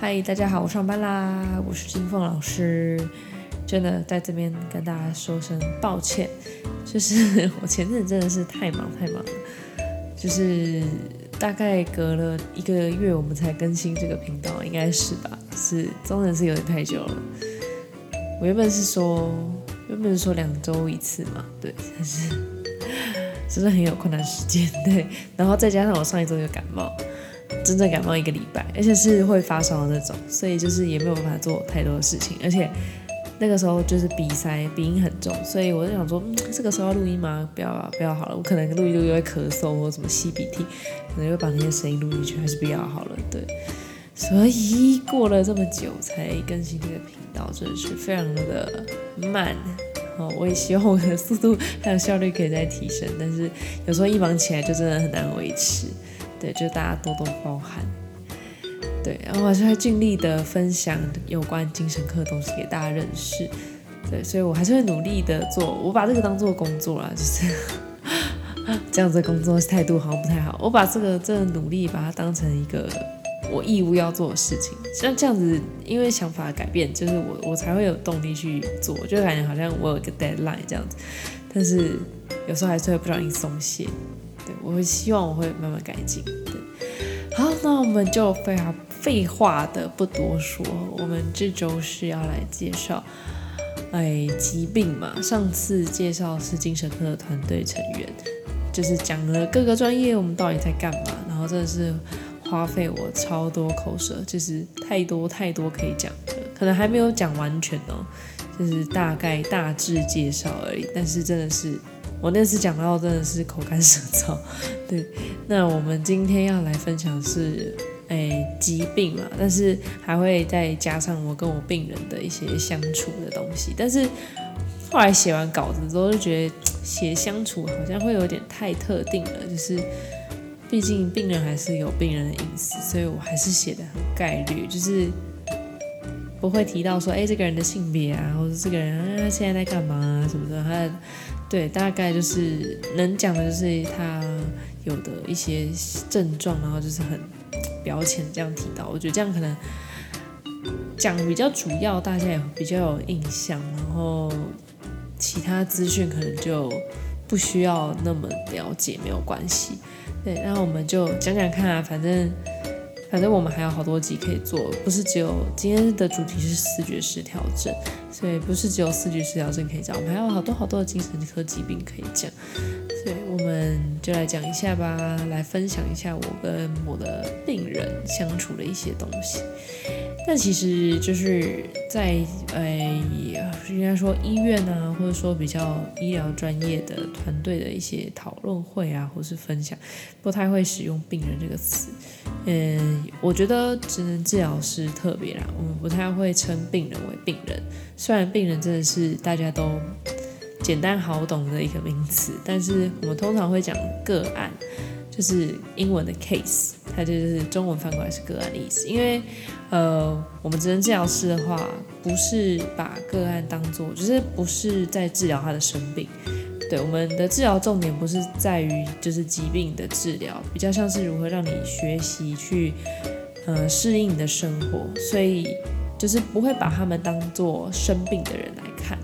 嗨，Hi, 大家好，我上班啦，我是金鳳老師，真的在這邊跟大家說聲抱歉，就是我前陣子真的是太忙太忙了，就是大概隔了一個月我們才更新這個頻道，應該是吧？是，真的是有點太久了。我原本是說，原本是說兩周一次嘛，對，但是真的很有困難時間，對，然後再加上我上一周有感冒。真正感冒一個禮拜，而且是會發燒的那種，所以就是也沒有辦法做太多的事情，而且那個時候就是鼻塞，鼻音很重，所以我就想說，嗯、這個時候要錄音嗎？不要、啊，不要好了，我可能錄一錄又會咳嗽或什麼吸鼻涕，可能會把那些聲音錄進去，還是不要好了。對，所以過了這麼久才更新這個頻道，真、就、的是非常的慢。好、哦，我也希望我的速度還有效率可以再提升，但是有時候一忙起來就真的很難維持。對，就大家多多包涵。對，然後我還是會盡力的分享有關精神科的東西給大家認識。對，所以我還是會努力的做，我把這個當做工作啦，就是 這樣子的工作態度好像不太好。我把這個這努力把它當成一個我義務要做的事情，像這樣子，因為想法改變，就是我我才會有動力去做，就感覺好像我有個 deadline 這樣子，但是有時候還是會不小心鬆懈。我希望我會慢慢改進。好，那我們就非常廢話的不多說。我們這周是要來介紹，哎，疾病嘛。上次介紹是精神科的團隊成員，就是講了各個專業我們到底在幹嘛。然後真的是花費我超多口舌，就是太多太多可以講的，可能還沒有講完全哦，就是大概大致介紹而已。但是真的是。我那次講到真的是口乾舌燥，對。那我們今天要來分享是，誒、欸、疾病嘛，但是還會再加上我跟我病人的一些相處的東西。但是後來寫完稿子之後，就覺得寫相處好像會有點太特定了，就是畢竟病人還是有病人的隱私，所以我還是寫的很概略。就是不會提到說，哎、欸，這個人的性別啊，或者這個人啊，他現在在幹嘛啊，什麼的。他……對，大概就是能講的就是他有的一些症狀，然後就是很表淺這樣提到。我覺得這樣可能講比較主要，大家也比較有印象。然後其他資訊可能就不需要那麼了解，沒有關係。對，那我們就講講看啊，反正。反正、啊、我們還有好多集可以做，不是只有今天的主題是思覺失調症，所以不是只有思覺失調症可以講，我們還有好多好多的精神科疾病可以講。對，我們就來講一下吧，來分享一下我跟我的病人相處的一些東西。那其實就是在呃、欸，應該說醫院呢、啊，或者說比較醫療專業的團隊的一些討論會啊，或是分享，不太會使用“病人”這個詞。嗯、欸，我覺得職能治療師特別啦，我們不太會稱病人為病人，雖然病人真的是大家都。簡單好懂的一個名詞，但是我們通常會講個案，就是英文的 case，它，就是中文翻過來是個案的意思。因為，呃，我們做治療師的話，不是把個案當做，就是不是在治療他的生病。對，我們的治療重點不是在於就是疾病的治療，比較像是如何讓你學習去，呃，適應你的生活。所以，就是不會把他們當做生病的人來看。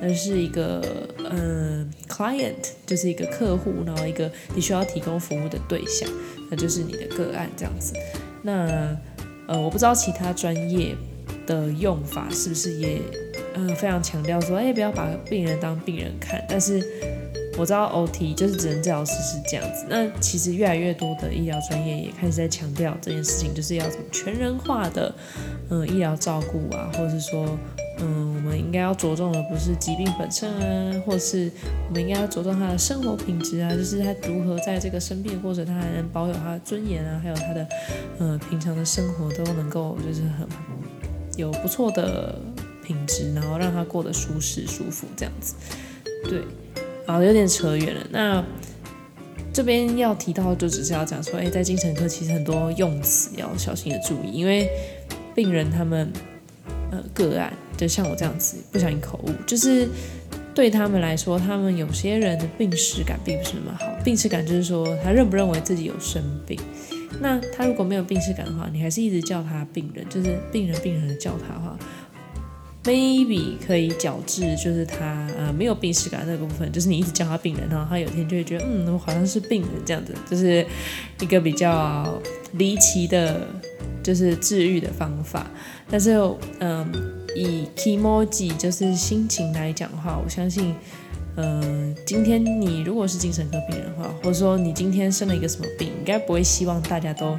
那是一個，嗯、呃、，client，就是一個客戶，然後一個你需要提供服務的對象，那就是你的個案這樣子。那，呃，我不知道其他專業的用法是不是也，嗯、呃，非常強調說，哎、欸，不要把病人當病人看。但是我知道 OT 就是職能治療師是這樣子。那其實越來越多的醫療專業也開始在強調這件事情，就是要麼全人化的，嗯、呃，醫療照顧啊，或者是說。嗯，我們應該要着重的不是疾病本身啊，或是我們應該要着重他的生活品質啊，就是他如何在這個生病的過程，或者他還能保有他的尊嚴啊，還有他的，呃，平常的生活都能夠就是很有不錯的品質，然後讓他過得舒適舒服這樣子。對，好，有點扯遠了。那這邊要提到，就只是要講說，誒，在精神科其實很多用詞要小心的注意，因為病人他們。呃，個案就像我這樣子不小心口誤，就是對他們來說，他們有些人的病識感並不是那麼好。病識感就是說，他認不認為自己有生病。那他如果沒有病識感的話，你還是一直叫他病人，就是病人病人的叫他的話，maybe 可以矯治，就是他呃沒有病識感的那個部分，就是你一直叫他病人，然後他有一天就會覺得嗯，我好像是病人這樣子，就是一個比較離奇的。就是治癒的方法，但是，嗯、呃，以 Kimoji 就是心情來講的話，我相信，嗯、呃，今天你如果是精神科病人的話，或者說你今天生了一個什麼病，應該不會希望大家都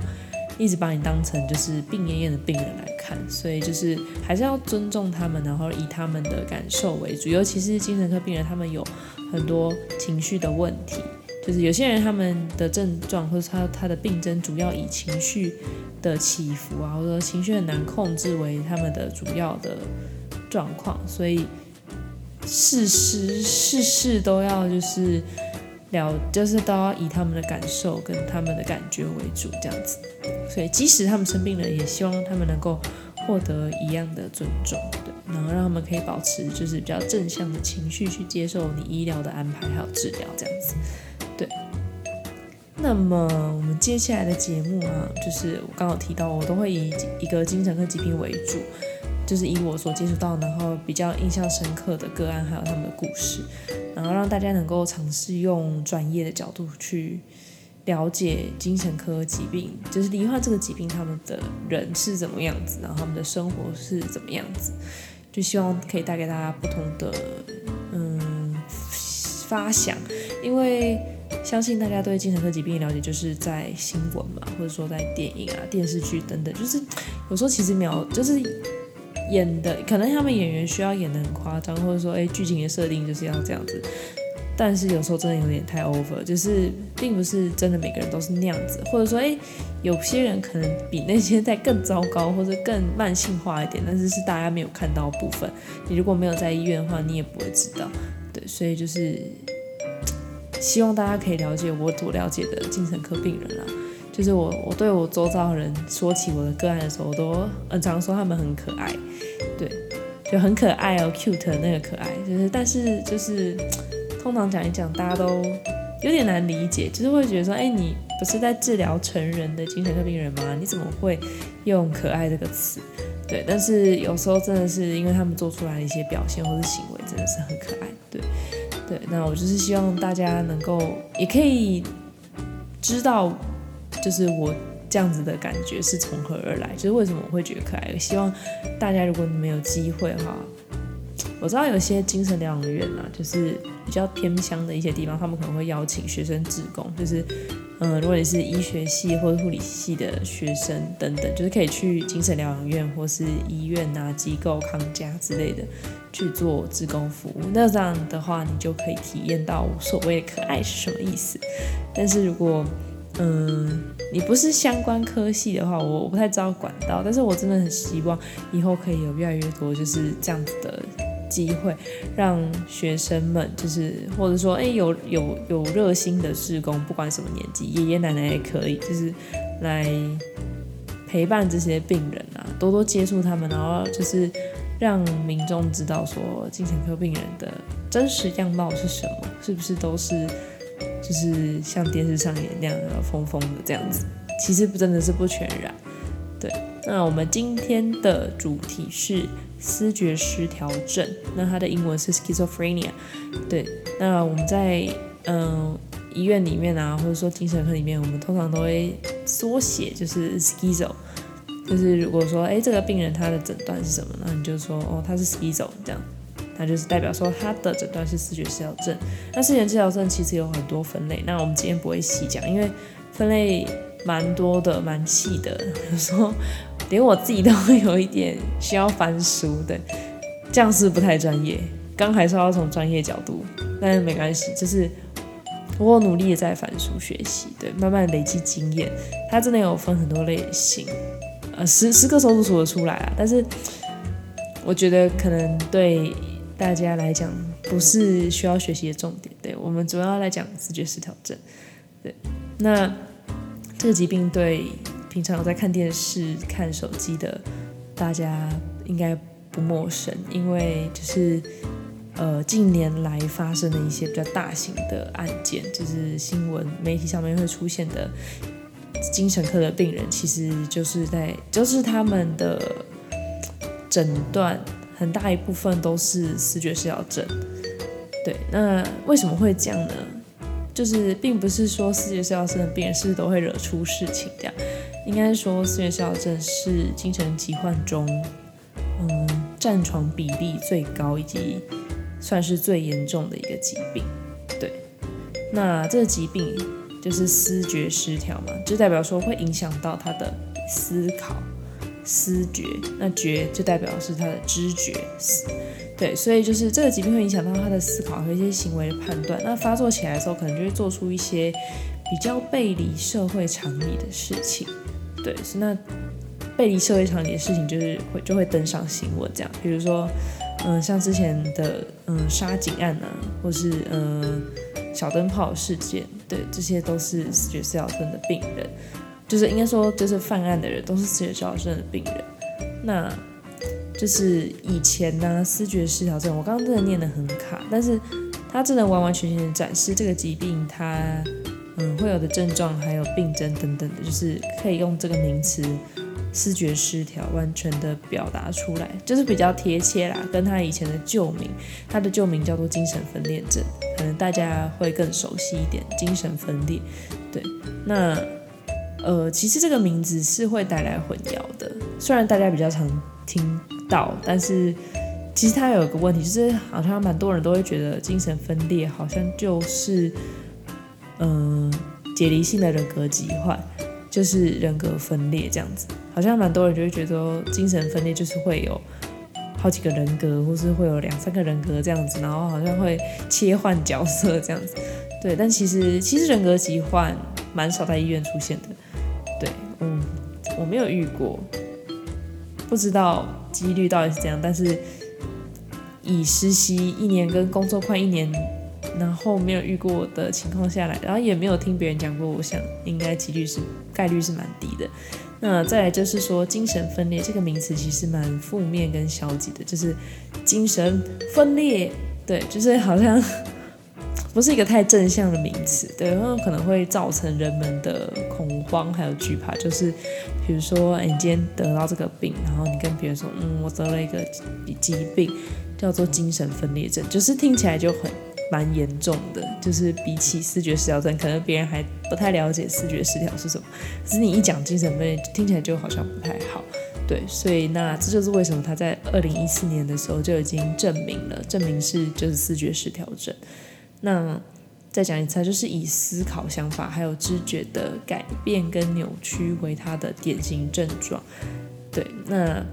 一直把你當成就是病懨懨的病人來看，所以就是還是要尊重他們，然後以他們的感受為主，尤其是精神科病人，他們有很多情緒的問題。就是有些人他們的症狀或者他他的病徵，主要以情緒的起伏啊，或者情緒很難控制為他們的主要的狀況，所以事事事事都要就是了，就是都要以他們的感受跟他們的感覺為主這樣子。所以即使他們生病了，也希望他們能夠獲得一樣的尊重，對，然後讓他們可以保持就是比較正向的情緒去接受你醫療的安排還有治療這樣子。那麼我們接下來的節目啊，就是我剛剛提到，我都會以一個精神科疾病為主，就是以我所接觸到，然後比較印象深刻的個案，還有他們的故事，然後讓大家能夠嘗試用專業的角度去了解精神科疾病，就是罹患這個疾病他們的人是怎麼樣子，然後他們的生活是怎麼樣子，就希望可以帶給大家不同的嗯發想，因為。相信大家對精神科疾病的了解，就是在新聞嘛，或者說在電影啊、電視劇等等。就是有時候其實沒有，就是演的，可能他們演員需要演得很誇張，或者說，哎、欸，劇情的設定就是要這樣子。但是有時候真的有點太 over，就是並不是真的每個人都是那樣子，或者說，哎、欸，有些人可能比那些在更糟糕，或者更慢性化一點，但是是大家沒有看到的部分。你如果沒有在醫院的話，你也不會知道。對，所以就是。希望大家可以了解我所了解的精神科病人啦、啊，就是我我對我周遭人說起我的個案的時候，我都很常說他們很可愛，對，就很可愛哦，cute 的那個可愛，就是但是就是通常講一講，大家都有點難理解，就是會覺得說，哎，你不是在治療成人的精神科病人嗎？你怎麼會用可愛這個詞？對，但是有時候真的是因為他們做出來的一些表現或是行為，真的是很可愛，對。對，那我就是希望大家能夠，也可以知道，就是我這樣子的感覺是從何而來，就是為什麼我會覺得可愛。希望大家如果你們有機會哈，我知道有些精神療養院呢，就是比較偏鄉的一些地方，他們可能會邀請學生志工就是。嗯，如果你是醫學系或者護理系的學生等等，就是可以去精神療養院或是醫院啊、機構、康家之類的去做志工服務。那這樣的話，你就可以體驗到我所謂的可愛是什麼意思。但是如果嗯，你不是相關科系的話，我我不太知道管道。但是我真的很希望以後可以有越來越多就是這樣子的。機會讓學生們就是，或者說，哎、欸，有有有熱心的志工，不管什麼年紀，爺爺奶奶也可以，就是來陪伴這些病人啊，多多接觸他們，然後就是讓民眾知道說，精神科病人的真實樣貌是什麼，是不是都是就是像電視上演那樣的瘋瘋的這樣子？其實不真的是不全然。對，那我們今天的主題是思覺失調症，那它的英文是 schizophrenia。對，那我們在嗯、呃、醫院裡面啊，或者說精神科裡面，我們通常都會縮寫就是 schizo，就是如果說哎這個病人他的診斷是什麼呢？那你就說哦他是 schizo，這樣，它就是代表說他的診斷是思覺失調症。那思覺失調症其實有很多分類，那我們今天不會細講，因為分類。蠻多的，蠻氣的，有時候連我自己都會有一點需要翻書，對，這樣是不太專業。剛還是要從專業角度，但是沒關係，就是我努力也在翻書學習，對，慢慢累積經驗。他真的有分很多類型，呃，十十個手指數得出來啊。但是我覺得可能對大家來講不是需要學習的重點，對，我們主要來講思覺失調症，對，那。這個疾病對平常有在看電視、看手機的大家應該不陌生，因為就是呃近年來發生的一些比較大型的案件，就是新聞媒體上面會出現的精神科的病人，其實就是在就是他們的診斷很大一部分都是思覺失調症。對，那為什麼會這樣呢？就是並不是說思覺失調症的病人是不是都會惹出事情這樣，應該說思覺失調症是精神疾患中，嗯，佔床比例最高以及算是最嚴重的一個疾病。對，那這個疾病就是思覺失調嘛，就代表說，會影響到他的思考、思覺，那覺就代表是他的知覺。對，所以就是這個疾病會影響到他的思考和一些行為的判斷。那發作起來的時候，可能就會做出一些比較背離社會常理的事情。對，是那背離社會常理的事情，就是會就會登上新聞，這樣。比如說，嗯、呃，像之前的嗯、呃、殺警案啊，或是嗯、呃、小燈泡事件，對，這些都是思覺失調症的病人，就是應該說，就是犯案的人都是思覺失調症的病人。那就是以前呢，思覺失調症，我剛剛真的念得很卡，但是它真的完完全全展示這個疾病它，它嗯，會有的症狀，還有病症等等的，就是可以用這個名詞思覺失調完全的表達出來，就是比較貼切啦。跟他以前的舊名，他的舊名叫做精神分裂症，可能大家會更熟悉一點，精神分裂。對，那呃其實這個名字是會帶來混淆的，雖然大家比較常聽到，但是其實它有一個問題，就是好像蠻多人都會覺得精神分裂好像就是嗯、呃、解離性的人格疾患，就是人格分裂這樣子，好像蠻多人就會覺得精神分裂就是會有好幾個人格，或是會有兩三個人格這樣子，然後好像會切換角色這樣子。對，但其實其實人格疾患蠻少在醫院出現的，對，嗯，我沒有遇過，不知道。幾率到底是怎樣？但是以實習一年跟工作快一年，然後沒有遇過我的情況下來，然後也沒有聽別人講過，我想應該幾率是概率是蠻低的。那再來就是說，精神分裂這個名詞其實蠻負面跟消極的，就是精神分裂，對，就是好像。不是一個太正向的名詞，對，然後可能會造成人們的恐慌還有懼怕。就是比如說，欸，你今天得到這個病，然後你跟別人說，嗯，我得了一個疾病叫做精神分裂症，就是聽起來就很蠻嚴重的。就是比起思覺失調症，可能別人還不太了解思覺失調是什麼，可是你一講精神分裂，聽起來就好像不太好。對，所以那這就是為什麼他在二零一四年的時候就已經證明了，證明是就是思覺失調症。那再講一次，他就是以思考、想法還有知覺的改變跟扭曲為他的典型症狀。對，那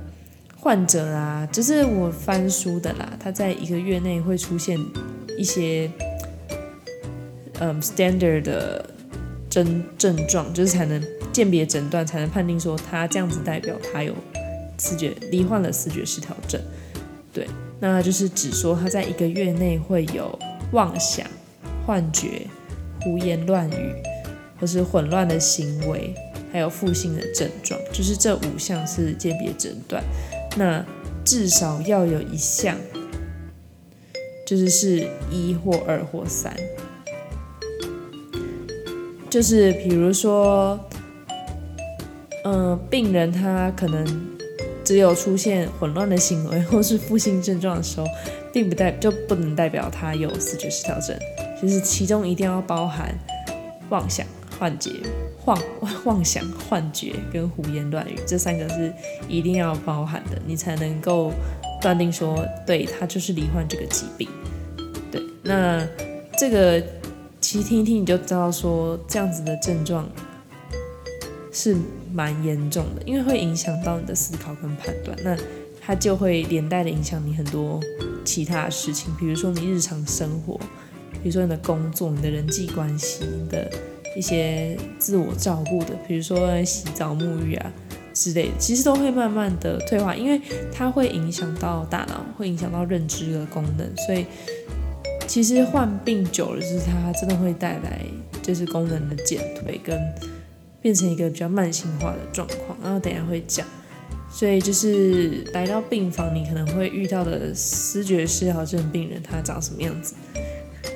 患者啦，就是我翻書的啦，他在一個月內會出現一些嗯、呃、standard 的症症狀，就是才能鑑別診斷，才能判定說他這樣子代表他有思覺罹患了思覺失調症。對，那就是只說他在一個月內會有。妄想、幻覺、胡言亂語，或是混亂的行為，還有負性的症狀，就是這五項是鑑別診斷。那至少要有一項，就是是一或二或三。就是比如說，嗯、呃，病人他可能只有出現混亂的行為或是負性症狀的時候。並不代表就不能代表他有思覺失調症，就是其中一定要包含妄想、幻覺、妄、妄想、幻覺跟胡言亂語，這三個是一定要包含的，你才能夠斷定說，對，他就是罹患這個疾病。對。那這個其實聽一聽你就知道說這樣子的症狀是蠻嚴重的，因為會影響到你的思考跟判斷，那它就會連帶的影響你很多，其他的事情，比如說你日常生活，比如說你的工作、你的人際關係、你的的一些自我照顧的，比如說洗澡、沐浴啊之類的，其實都會慢慢的退化，因為它會影響到大腦，會影響到認知的功能，所以其實患病久了，就是它真的會帶來就是功能的減退，跟變成一個比較慢性化的狀況。然後等下會講。所以就是來到病房，你可能會遇到的思覺失調症病人，他長什麼樣子？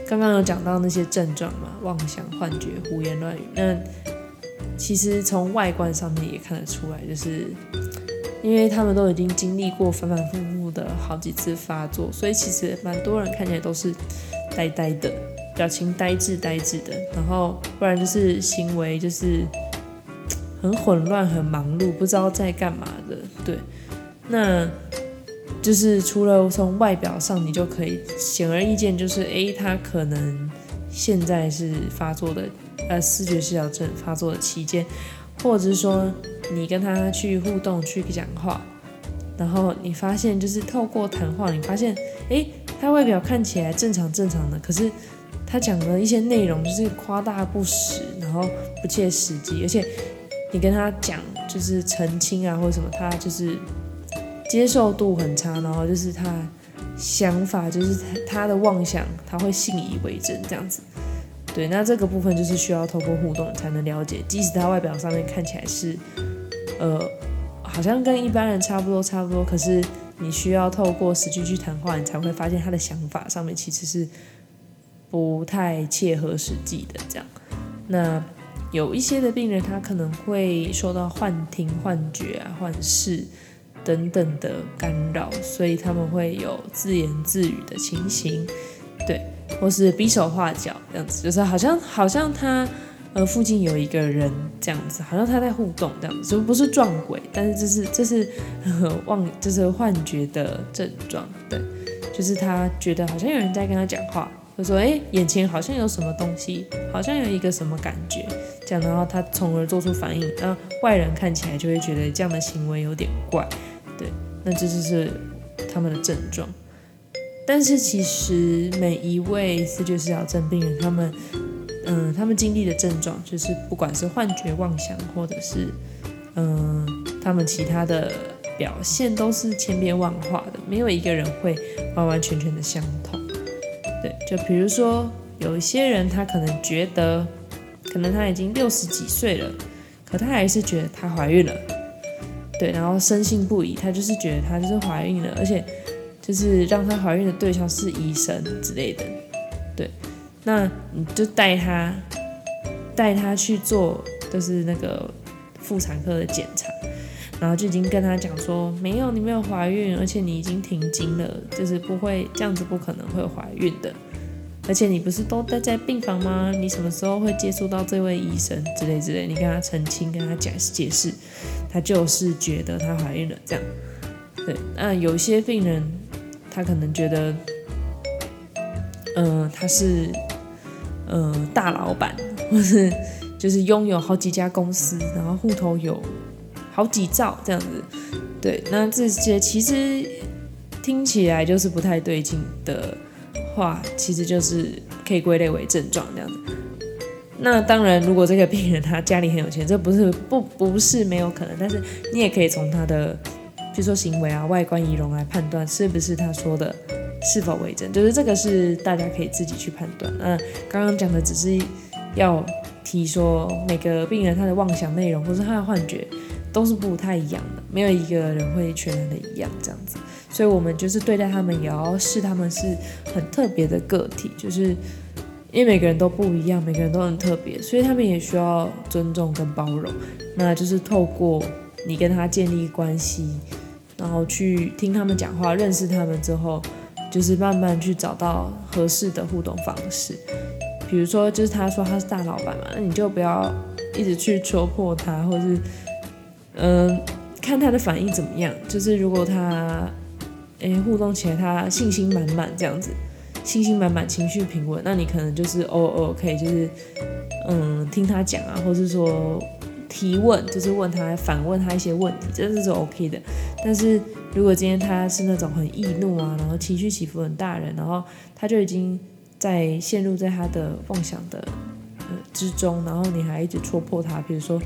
剛剛有講到那些症狀嘛，妄想、幻覺、胡言亂語。那其實從外觀上面也看得出來，就是因為他們都已經經歷過反反复复的好幾次發作，所以其實蠻多人看起來都是呆呆的，表情呆滯、呆滯的，然後不然就是行為就是。很混亂、很忙碌，不知道在幹嘛的。對，那就是除了從外表上，你就可以顯而易見，就是誒，他可能現在是發作的，呃，思覺失調症發作的期間，或者是說你跟他去互動、去講話，然後你發現就是透過談話，你發現誒，他外表看起來正常正常的，可是他講的一些內容就是誇大不實，然後不切實際，而且。你跟他講，就是澄清啊，或者什麼，他就是接受度很差，然後就是他想法，就是他的妄想，他會信以為真這樣子。對，那這個部分就是需要透過互動才能了解，即使他外表上面看起來是，呃，好像跟一般人差不多，差不多，可是你需要透過實際去談話，你才會發現他的想法上面其實是不太切合實際的這樣。那。有一些的病人，他可能會受到幻聽、幻覺啊、幻視等等的干擾，所以他們會有自言自語的情形，對，或是比手畫腳這樣子，就是好像好像他呃附近有一個人這樣子，好像他在互動這樣子，就不不是撞鬼，但是這是這是呵呵妄，這、就是幻覺的症狀，對，就是他覺得好像有人在跟他講話，就說哎，眼前好像有什麼東西，好像有一個什麼感覺。然後他從而做出反應，然、呃、外人看起來就會覺得這樣的行為有點怪，對，那這就是他們的症狀。但是其實每一位思覺失調症病人，他們，嗯、呃，他們經歷的症狀，就是不管是幻覺、妄想，或者是，嗯、呃，他們其他的表現，都是千變萬化的，沒有一個人會完完全全的相同。對，就比如說有一些人，他可能覺得。可能她已經六十幾歲了，可她還是覺得她懷孕了，對，然後深信不疑，她就是覺得她就是懷孕了，而且就是讓她懷孕的對象是醫生之類的，對，那你就帶她，帶她去做就是那個婦產科的檢查，然後就已經跟她講說，沒有，你沒有懷孕，而且你已經停經了，就是不會這樣子，不可能會懷孕的。而且你不是都待在病房嗎？你什麼時候會接觸到這位醫生之類之類？你跟他澄清，跟他解釋解釋，他就是覺得他懷孕了這樣。對，那有些病人，他可能覺得，呃，他是呃大老闆，或 是就是擁有好幾家公司，然後戶頭有好幾兆這樣子。對，那這些其實聽起來就是不太對勁的。話其實就是可以歸類為症狀這樣子。那當然，如果這個病人他、啊、家裡很有錢，這不是不不是沒有可能。但是你也可以從他的比如說行為啊、外觀儀容來判斷是不是他說的是否為真，就是這個是大家可以自己去判斷。那剛剛講的只是要提說每個病人他的妄想內容或是他的幻覺。都是不太一樣的，沒有一個人會全然的一樣這樣子，所以我們就是對待他們也要視他們是很特別的個體，就是因為每個人都不一樣，每個人都很特別，所以他們也需要尊重跟包容。那就是透過你跟他建立關係，然後去聽他們講話，認識他們之後，就是慢慢去找到合適的互動方式。比如說，就是他說他是大老闆嘛，那你就不要一直去戳破他，或者是。嗯，看他的反應怎麼樣，就是如果他，誒互動起來他信心滿滿這樣子，信心滿滿，情緒平穩，那你可能就是哦，哦，OK，就是嗯，聽他講啊，或是說提問，就是問他，反問他一些問題，這都是 OK 的。但是如果今天他是那種很易怒啊，然後情緒起伏很大人，然後他就已經在陷入在他的妄想的、呃、之中，然後你還一直戳破他，比如說。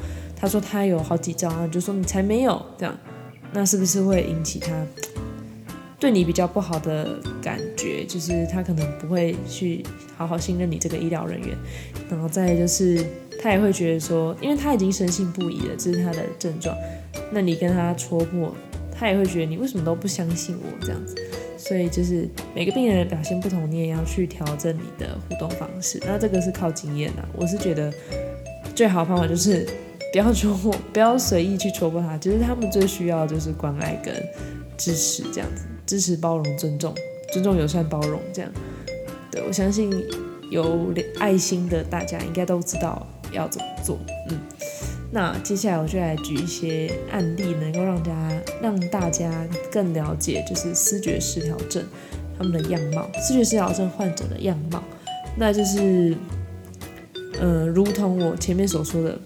他說他有好幾張，然後就說你才沒有這樣，那是不是會引起他對你比較不好的感覺？就是他可能不會去好好信任你這個醫療人員，然後再就是他也會覺得說，因為他已經深信不疑了，這是他的症狀。那你跟他戳破，他也會覺得你為什麼都不相信我這樣子？所以就是每個病人的表現不同，你也要去調整你的互動方式。那這個是靠經驗的。我是覺得最好的方法就是。不要戳破，不要隨意去戳破他。其實他們最需要的就是關愛跟支持。這樣子支持、包容、尊重、尊重、友善、包容這樣。對，我相信有愛心的大家應該都知道要怎麼做。嗯，那接下來我就來舉一些案例，能夠讓大家讓大家更了解，就是思覺失調症他們的樣貌，思覺失調症患者的樣貌，那就是呃，如同我前面所說的。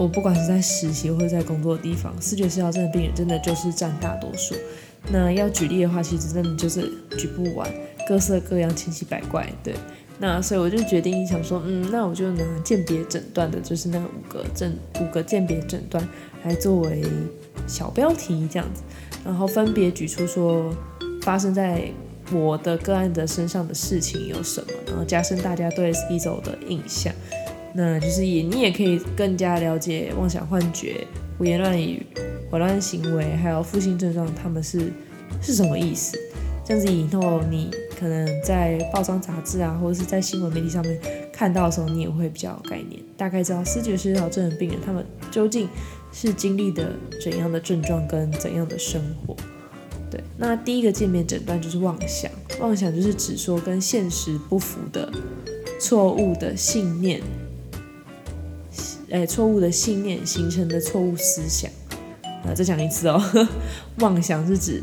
我不管是在實習或者在工作的地方，思覺失調症的病人真的就是占大多數。那要舉例的話，其實真的就是舉不完，各色各樣，千奇百怪。對，那所以我就決定想說，嗯，那我就拿鑑別診斷的，就是那五個症、五個鑑別診斷，來作為小標題這樣子，然後分別舉出說發生在我的個案的身上的事情有什麼，然後加深大家對 s 視 o 的印象。那就是也，你也可以更加了解妄想、幻覺、胡言亂語、混亂行為，還有負性症狀，他們是是什麼意思？這樣子以後你可能在報章雜誌啊，或者是在新聞媒體上面看到的時候，你也會比較有概念，大概知道思覺失調症的病人他們究竟是經歷的怎樣的症狀跟怎樣的生活。對，那第一個見面診斷就是妄想，妄想就是指說跟現實不符的錯誤的信念。誒，錯誤的信念形成的錯誤思想，呃，再講一次哦。妄想是指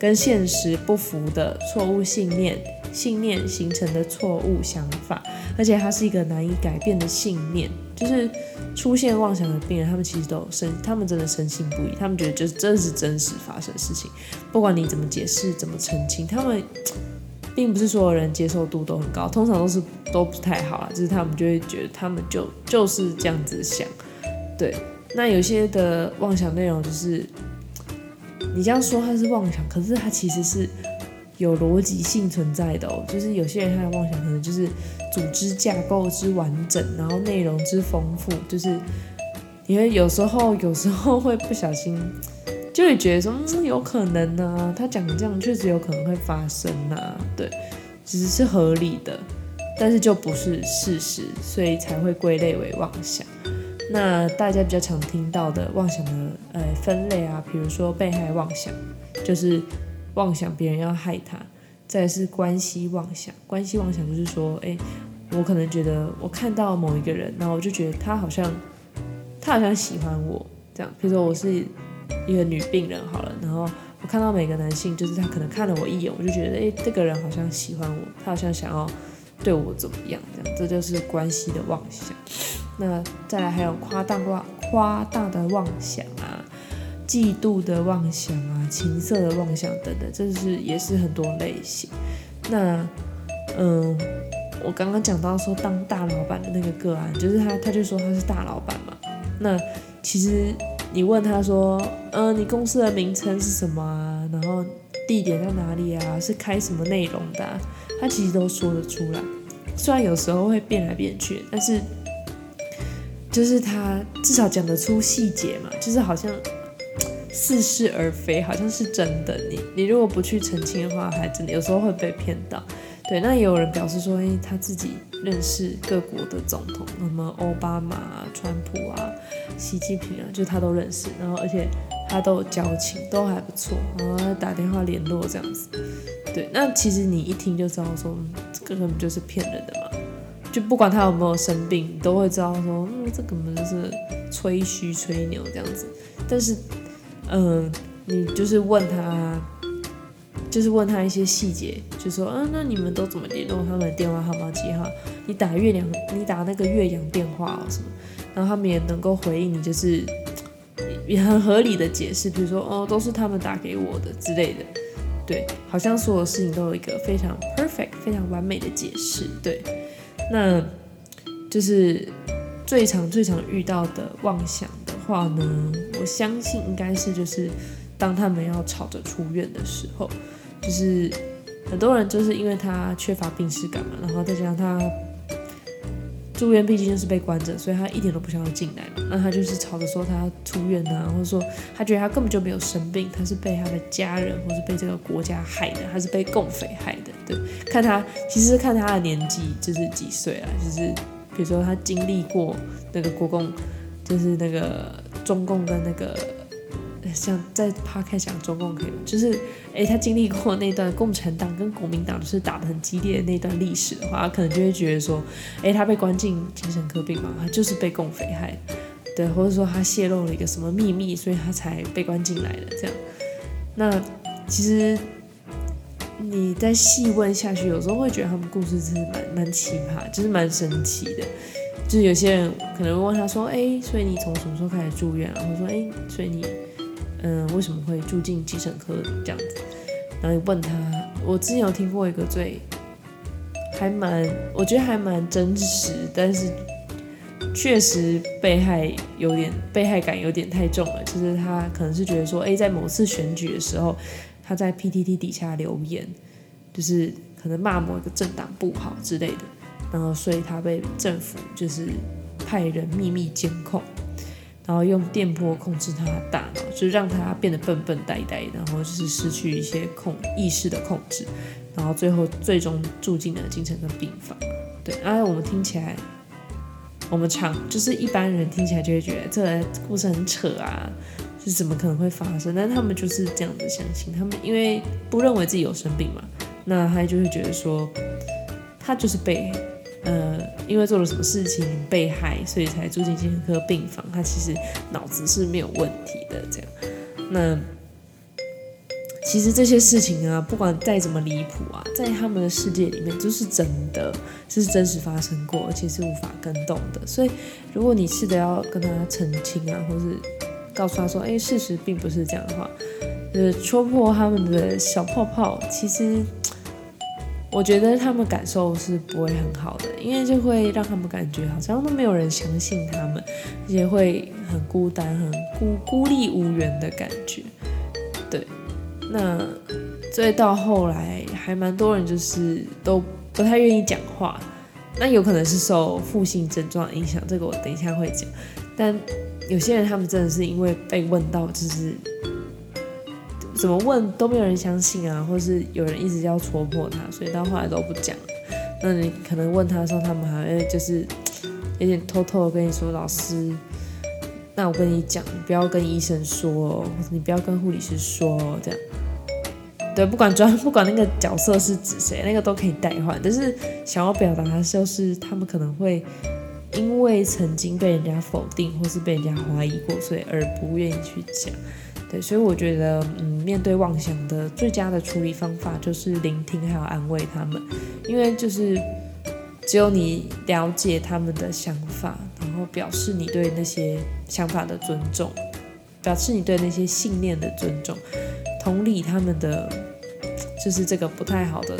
跟現實不符的錯誤信念，信念形成的錯誤想法，而且它是一個難以改變的信念。就是出現妄想的病人，他們其實都深，他們真的深信不疑，他們覺得就是這是真實發生的事情，不管你怎麼解釋、怎麼澄清，他們。並不是所有人接受度都很高，通常都是都不太好啦，就是他們就會覺得他們就就是這樣子想，對。那有些的妄想內容就是，你這樣說它是妄想，可是它其實是有邏輯性存在的喔。就是有些人他的妄想可能就是組織架構之完整，然後內容之豐富，就是因為有時候有時候會不小心。就會覺得說，嗯，有可能呢啊。他講的這樣確實有可能會發生吶啊，對，只是是合理的，但是就不是事實，所以才會歸類為妄想。那大家比較常聽到的妄想的呃分類啊，比如說被害妄想，就是妄想別人要害他；再是關係妄想，關係妄想就是說，誒，我可能覺得我看到某一個人，然後我就覺得他好像他好像喜歡我這樣。比如說我是。一個女病人好了，然後我看到每個男性，就是他可能看了我一眼，我就覺得，誒、欸，這個人好像喜歡我，他好像想要對我怎麼樣，這樣，這就是關係的妄想。那再來還有誇大妄、誇大的妄想啊，嫉妒的妄想啊，情色的妄想等等，這是也是很多類型。那，嗯，我剛剛講到說當大老板的那個個案，就是他，他就說他是大老板嘛，那其實。你問他說，嗯、呃，你公司的名稱是什麼啊？然後地點在哪裡啊？是開什麼內容的啊？他其實都說得出來，雖然有時候會變來變去，但是就是他至少講得出細節嘛，就是好像似是而非，好像是真的。你你如果不去澄清的話，還真的有時候會被騙到。對，那也有人表示說，哎、欸，他自己。認識各國的總統，什麼奧巴馬啊、川普啊、習近平啊，就他都認識，然後而且他都有交情，都還不錯，然後他打電話聯絡這樣子。對，那其實你一聽就知道說，這個根本就是騙人的嘛。就不管他有沒有生病，你都會知道說，嗯，這個根本就是吹噓吹牛這樣子。但是，嗯、呃，你就是問他。就是問他一些細節，就是、說，嗯、啊，那你們都怎麼聯絡？他們的電話號碼幾號？你打月亮，你打那個岳陽電話、哦、什麼？然後他們也能夠回應你，就是也很合理的解釋，比如說，哦，都是他們打給我的之類的。對，好像所有事情都有一個非常 perfect、非常完美的解釋。對，那就是最常、最常遇到的妄想的話呢，我相信應該是就是。當他們要吵着出院的時候，就是很多人就是因為他缺乏病識感嘛，然後再加上他住院，畢竟就是被關着，所以他一點都不想要進來嘛。那他就是吵着說他要出院啊，或者說他覺得他根本就沒有生病，他是被他的家人或是被這個國家害的，他是被共匪害的。對，看他其實是看他的年紀就是幾歲啊，就是比如說他經歷過那個國共，就是那個中共的那個。像在 p o d c 中共，可以就是，哎，他經歷過那段共產黨跟國民黨就是打得很激烈的那段歷史的話，他可能就會覺得說，哎，他被關進精神科病房，他就是被共匪害，對，或者說他泄露了一個什麼秘密，所以他才被關進來的這樣。那其實你再細問下去，有時候會覺得他們故事真是蠻蠻奇葩，就是蠻神奇的。就是有些人可能會問他說，哎，所以你從什麼時候開始住院？然後說，哎，所以你。嗯，為什麼會住進急診科這樣子？然後問他，我之前有聽過一個罪，還蠻，我覺得還蠻真實，但是確實被害有點被害感有點太重了。就是他可能是覺得說，哎、欸，在某次選舉的時候，他在 PTT 底下留言，就是可能罵某一個政黨不好之類的，然後所以他被政府就是派人秘密監控。然後用電波控制他的大腦，就讓他變得笨笨呆呆，然後就是失去一些控意識的控制，然後最後最終住進了精神的病房。對，而、哎、我們聽起來，我們常就是一般人聽起來就會覺得這個故事很扯啊，是怎麼可能會發生？但他們就是這樣子相信，他們因為不認為自己有生病嘛，那他就會覺得說，他就是被。呃，因為做了什麼事情被害，所以才住進精神科病房。他其實腦子是沒有問題的，這樣。那其實這些事情啊，不管再怎麼離譜啊，在他們的世界裡面就是真的，是真實發生過，而且是無法更動的。所以，如果你試着要跟他澄清啊，或是告訴他說，哎，事實並不是這樣的話，就是戳破他們的小泡泡，其實。我覺得他們感受是不會很好的，因為就會讓他們感覺好像都沒有人相信他們，而且會很孤單、很孤、孤立無援的感覺。對，那所以到後來還蠻多人就是都不太願意講話。那有可能是受負性症狀影響，這個我等一下會講。但有些人他們真的是因為被問到就是。怎麼問都沒有人相信啊，或是有人一直要戳破他，所以到後來都不講。那你可能問他的時候，他們還會就是有點偷偷的跟你說，老師，那我跟你講，你不要跟醫生說哦，你不要跟護理師說哦，這樣。對，不管專，不管那個角色是指誰，那個都可以代換。但是想要表達的就是，他們可能會因為曾經被人家否定或是被人家懷疑過，所以而不願意去講。對，所以我覺得，嗯，面對妄想的最佳的處理方法就是聆聽，還有安慰他們，因為就是只有你了解他們的想法，然後表示你對那些想法的尊重，表示你對那些信念的尊重，同理他們的就是這個不太好的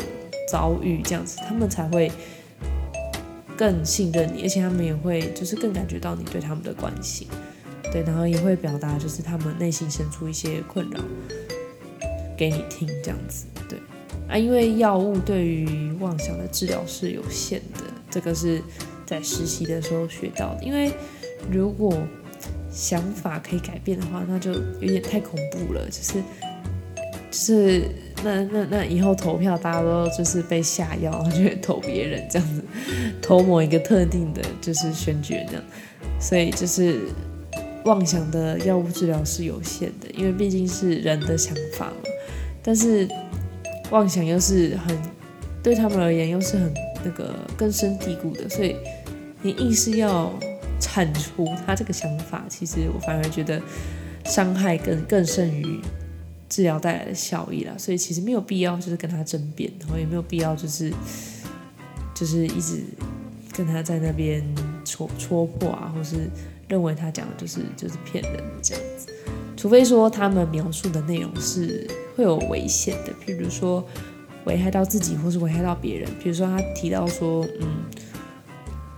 遭遇，這樣子他們才會更信任你，而且他們也會就是更感覺到你對他們的關心。對，然後也會表達，就是他們內心深處一些困擾給你聽，這樣子。對，啊，因為藥物對於妄想的治療是有限的，這個是在實習的時候學到的。因為如果想法可以改變的話，那就有點太恐怖了。就是，就是那那那以後投票，大家都就是被下藥，然後就會投別人這樣子，投某一個特定的，就是選舉這樣。所以就是。妄想的藥物治療是有限的，因為畢竟是人的想法嘛。但是妄想又是很對他們而言又是很那個根深蒂固的，所以你硬是要鏟除他這個想法，其實我反而覺得傷害更更甚於治療帶來的效益啦。所以其實沒有必要就是跟他爭辯，然後也沒有必要就是就是一直跟他在那邊戳戳破啊，或是。認為他講的就是就是騙人的這樣子，除非說他們描述的內容是會有危險的，譬如說危害到自己或是危害到別人，譬如說他提到說，嗯，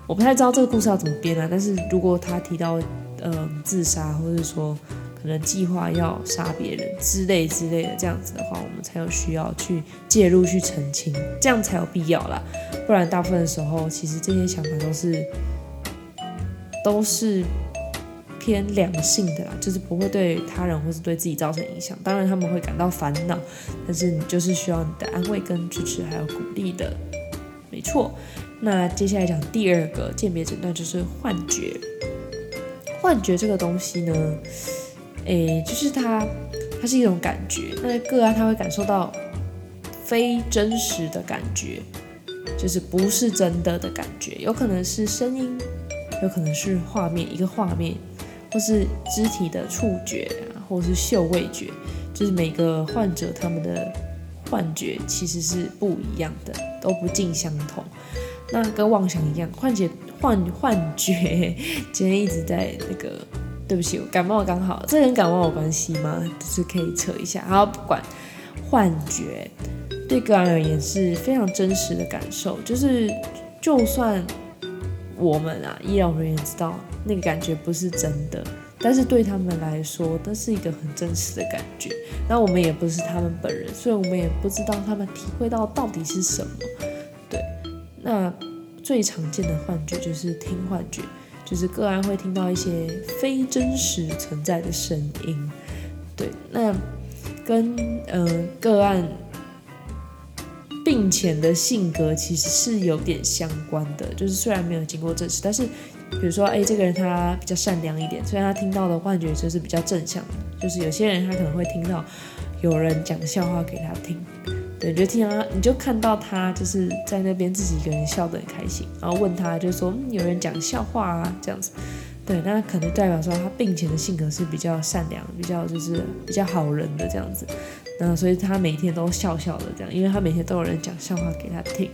我不太知道這個故事要怎麼編啊，但是如果他提到嗯、呃，自殺，或是說可能計劃要殺別人之類之類的這樣子的話，我們才有需要去介入去澄清，這樣才有必要啦，不然大部分的時候其實這些想法都是。都是偏良性的啦，就是不會對他人或是對自己造成影響。當然他們會感到煩惱，但是你就是需要你的安慰跟支持，還有鼓勵的，沒錯。那接下來講第二個鑑別診斷，就是幻覺。幻覺這個東西呢，誒，就是它，它是一種感覺。但是個案他會感受到非真實的感覺，就是不是真的的感覺，有可能是聲音。有可能是畫面，一個畫面，或是肢體的觸覺，或是嗅味覺，就是每個患者他們的幻覺其實是不一樣的，都不盡相同。那跟妄想一樣，幻覺幻幻覺，今天一直在那個，對不起，我感冒剛好，這跟感冒有關係嗎？就是可以扯一下，好，不管，幻覺對個人而言是非常真實的感受，就是就算。我們啊，醫療人員知道那個感覺不是真的，但是對他們來說，那是一個很真實的感覺。那我們也不是他們本人，所以我們也不知道他們體會到到底是什麼。對，那最常見的幻覺就是聽幻覺，就是個案會聽到一些非真實存在的聲音。對，那跟呃個案。病前的性格其實是有點相關的，就是雖然沒有經過證實，但是比如說，哎，這個人他比較善良一點，雖然他聽到的幻覺就是比較正向的，就是有些人他可能會聽到有人講笑話給他聽，對，你就聽到他，你就看到他就是在那邊自己一個人笑得很開心，然後問他就說，嗯，有人講笑話啊這樣子。對，那可能代表說他病前的性格是比較善良，比較就是比較好人的這樣子，那所以他每天都笑笑的這樣，因為他每天都有人講笑話給他聽。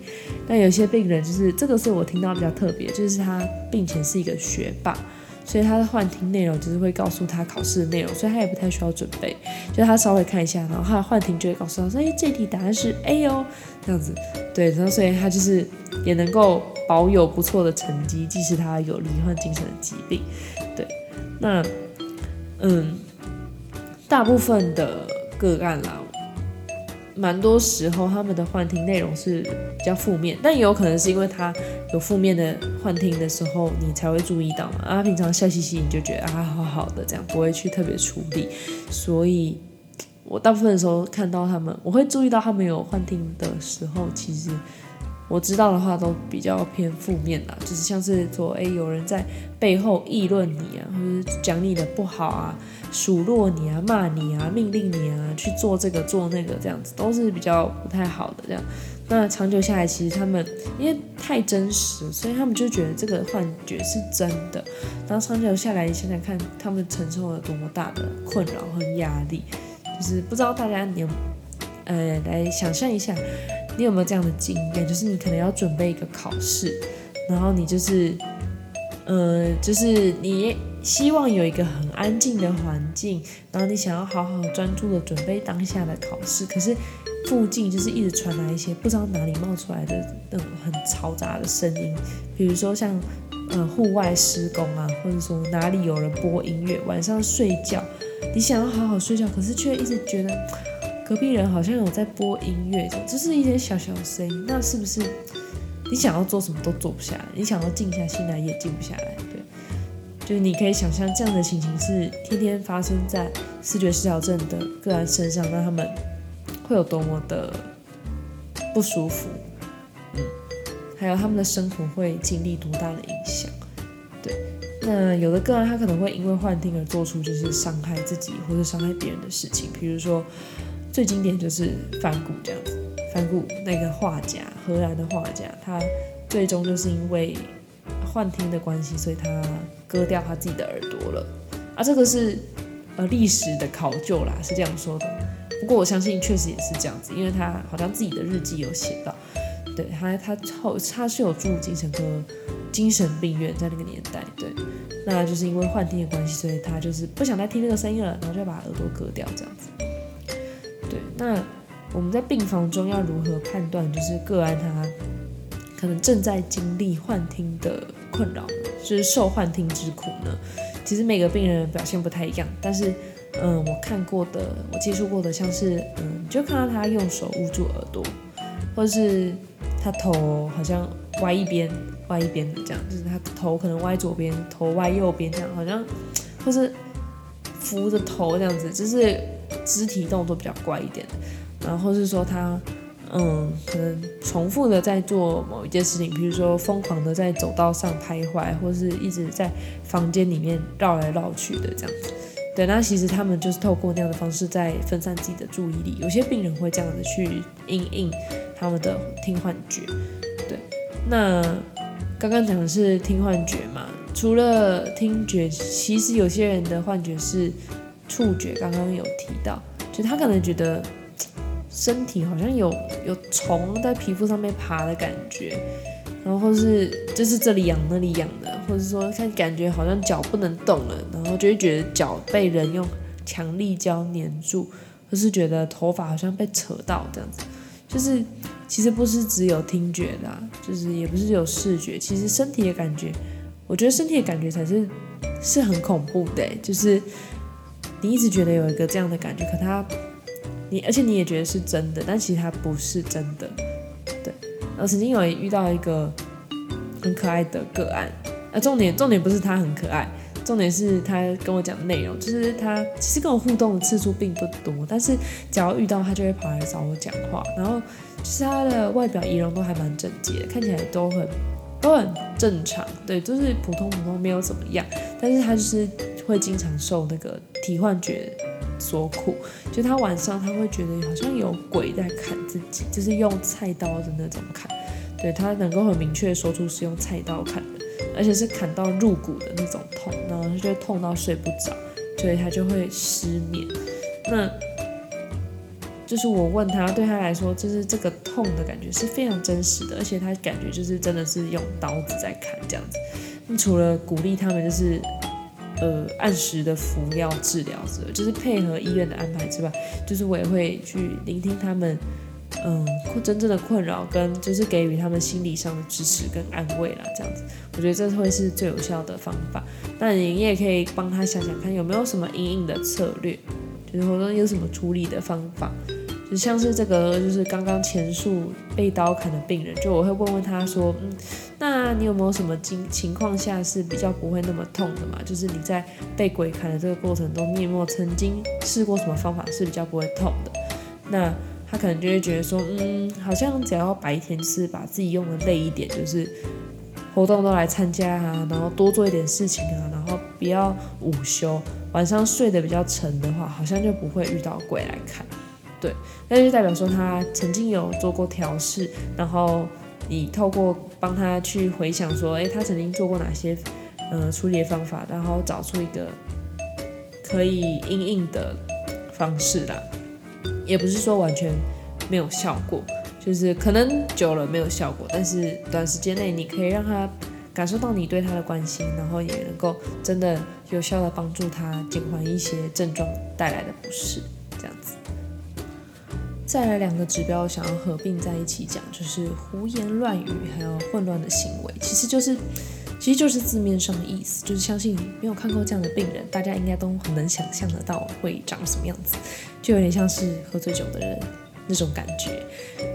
那有些病人就是這個，是我聽到的比較特別，就是他病前是一個學霸，所以他的幻聽內容就是會告訴他考試的內容，所以他也不太需要準備，就他稍微看一下，然後他的幻聽就會告訴他說，哎，這題答案是 A 哦。這樣子，對，然後所以他就是也能夠保有不錯的成績，即使他有罹患精神的疾病，對，那嗯，大部分的個案啦，蠻多時候他們的幻聽內容是比較負面，但也有可能是因為他有負面的幻聽的時候，你才會注意到嘛，啊，平常笑嘻嘻你就覺得啊好好的這樣，不會去特別處理，所以。我大部分的時候看到他們，我會注意到他們有幻聽的時候，其實我知道的話都比較偏負面啦，就是像是說，誒，有人在背後議論你啊，或者是講你的不好啊，數落你啊，罵你啊，命令你啊，去做這個做那個，這樣子都是比較不太好的這樣。那長久下來，其實他們因為太真實，所以他們就覺得這個幻覺是真的。然後長久下來，想想看他們承受了多麼大的困擾和壓力。就是不知道大家你有，呃，來想象一下，你有沒有這樣的經驗？就是你可能要準備一個考試，然後你就是，呃，就是你希望有一個很安靜的環境，然後你想要好好專注的準備當下的考試。可是附近就是一直傳來一些不知道哪裡冒出來的那種很嘈雜的聲音，比如說像。呃、嗯，戶外施工啊，或者說哪裡有人播音樂，晚上睡覺，你想要好好睡覺，可是卻一直覺得隔壁人好像有在播音樂，這只是一點小小聲音，那是不是你想要做什麼都做不下來？你想要靜下心來也靜不下來，對，就是你可以想象這樣的情形是天天發生在思覺失調症的個人身上，讓他們會有多麼的不舒服。還有他們的生活會經歷多大的影響？對，那有的個人他可能會因為幻聽而做出就是傷害自己或者傷害別人的事情，比如說最經典就是梵谷這樣子，梵谷那個畫家，荷蘭的畫家，他最終就是因為幻聽的關係，所以他割掉他自己的耳朵了。啊，這個是呃歷史的考究啦，是這樣說的。不過我相信確實也是這樣子，因為他好像自己的日記有寫到。對，他他後他是有住精神科精神病院，在那個年代，對，那就是因為幻聽的關係，所以他就是不想再聽那個聲音了，然後就把耳朵割掉這樣子。對，那我們在病房中要如何判斷就是個案他可能正在經歷幻聽的困擾，就是受幻聽之苦呢？其實每個病人表現不太一樣，但是嗯，我看過的，我接觸過的，像是嗯，就看到他用手捂住耳朵，或者是。他頭好像歪一邊，歪一邊的這樣，就是他頭可能歪左邊，頭歪右邊這樣，好像或是扶着頭這樣子，就是肢體動作比較怪一點。然後是說他，嗯，可能重複的在做某一件事情，比如說瘋狂的在走道上徘徊，或是一直在房間裡面繞來繞去的這樣子。對，那其實他們就是透過那樣的方式在分散自己的注意力。有些病人會這樣子去應應他們的聽幻覺。對，那剛剛講的是聽幻覺嘛，除了聽覺，其實有些人的幻覺是觸覺。剛剛有提到，就他可能覺得身體好像有有蟲在皮膚上面爬的感覺。然後或是就是這裡癢那裡癢的，或者說看感覺好像腳不能動了，然後就會覺得腳被人用強力膠粘住，或是覺得頭髮好像被扯到這樣子，就是其實不是只有聽覺的啊，就是也不是只有視覺。其實身體的感覺，我覺得身體的感覺才是是很恐怖的，就是你一直覺得有一個這樣的感覺，可它你而且你也覺得是真的，但其實它不是真的。然後曾經有遇到一個很可愛的個案，呃，重點重點不是他很可愛，重點是他跟我講的內容，就是他其實跟我互動的次數並不多，但是只要遇到他就會跑來找我講話。然後其實他的外表儀容都還蠻整潔的，看起來都很都很正常，對，就是普通普通沒有怎麼樣。但是他就是會經常受那個體幻覺。所苦，就他晚上他會覺得好像有鬼在砍自己，就是用菜刀的那種砍。對，他能夠很明確說出是用菜刀砍的，而且是砍到入骨的那種痛，然後他就痛到睡不着，所以他就會失眠。那就是我問他，對他來說，就是這個痛的感覺是非常真實的，而且他感覺就是真的是用刀子在砍這樣子。那除了鼓勵他們，就是。呃，按時的服藥治療是就是配合醫院的安排是吧？就是我也會去聆聽他們，嗯、呃，真正的困擾跟就是給予他們心理上的支持跟安慰啦，這樣子，我覺得這會是最有效的方法。那你也可以幫他想想看有沒有什麼因應的策略，就是或者有什麼處理的方法。像是這個就是剛剛前述被刀砍的病人，就我會問問他說，嗯，那你有沒有什麼情情況下是比較不會那麼痛的嘛？就是你在被鬼砍的這個過程中，你有沒有曾經試過什麼方法是比較不會痛的？那他可能就會覺得說，嗯，好像只要白天是把自己用得累一點，就是活動都來參加啊，然後多做一點事情啊，然後不要午休，晚上睡得比較沉的話，好像就不會遇到鬼來砍。對，那就代表說他曾經有做過調適，然後你透過幫他去回想說，哎，他曾經做過哪些呃處理的方法，然後找出一個可以因應的方式啦。也不是說完全沒有效果，就是可能久了沒有效果，但是短時間內你可以讓他感受到你對他的關心，然後也能夠真的有效地幫助他減緩一些症狀帶來的不適，這樣子。再來兩個指標，想要合併在一起講，就是胡言亂語，還有混亂的行為，其實就是，其實就是字面上的意思，就是相信沒有看過這樣的病人，大家應該都很能想象得到會長什麼樣子，就有點像是喝醉酒的人那種感覺，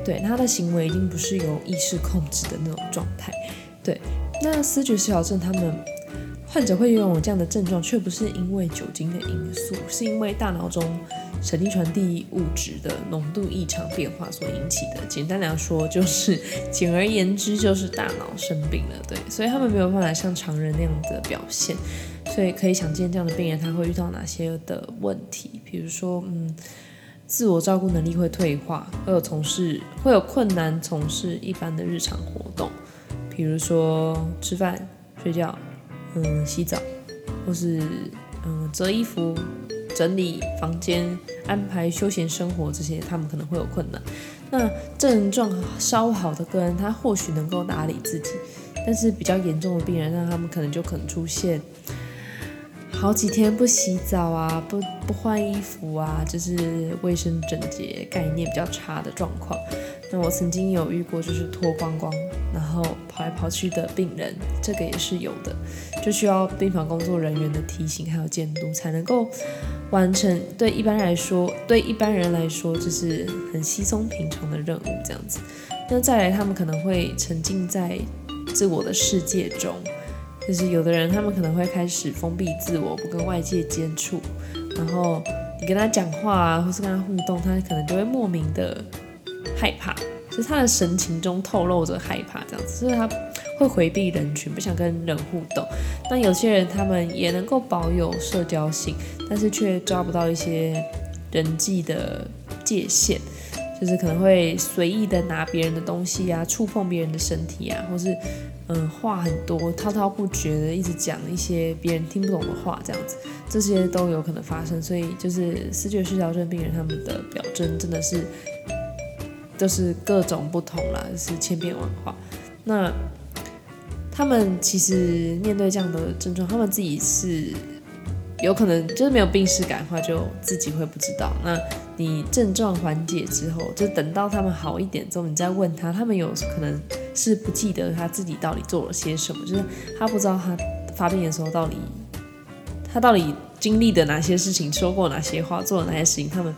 對，他的行為一定不是由意識控制的那種狀態，對，那思覺失調症他們，患者會擁有這樣的症狀，卻不是因為酒精的因素，是因為大腦中神經傳遞物質的濃度異常變化所引起的。簡單來說，就是簡而言之，就是大腦生病了。對，所以他們沒有辦法來像常人那樣的表現。所以可以想見，這樣的病人他會遇到哪些的問題？比如說，嗯，自我照顧能力會退化，會有從事會有困難從事一般的日常活動，比如說吃飯、睡覺。嗯，洗澡，或是嗯、摺衣服、整理房間、安排休閒生活這些，他們可能會有困難。那症狀稍好的個人，他或許能夠打理自己，但是比較嚴重的病人，那他們可能就可能出現好幾天不洗澡啊，不不換衣服啊，就是衛生整潔概念比較差的狀況。那我曾經有遇過，就是脫光光，然後跑來跑去的病人，這個也是有的，就需要病房工作人員的提醒還有監督才能夠完成。對一般來說，對一般人來說，就是很稀鬆平常的任務這樣子。那再來，他們可能會沉浸在自我的世界中，就是有的人他們可能會開始封閉自我，不跟外界接觸，然後你跟他講話啊，或是跟他互動，他可能就會莫名的。害怕，就是他的神情中透露着害怕，這樣子，所以他會回避人群，不想跟人互動。那有些人他們也能夠保有社交性，但是卻抓不到一些人際的界限，就是可能會隨意的拿別人的東西啊，觸碰別人的身體啊，或是嗯話很多，滔滔不絕的一直講一些別人聽不懂的話，這樣子，這些都有可能發生。所以就是思覺失調症病人他們的表徵真，真的是。都是各種不同啦，就是千變萬化。那他們其實面對這樣的症狀，他們自己是有可能就是沒有病識感的話，就自己會不知道。那你症狀緩解之後，就等到他們好一點之後，你再問他，他們有可能是不記得他自己到底做了些什麼，就是他不知道他發病的時候到底他到底經歷的哪些事情，說過哪些話，做了哪些事情，他們。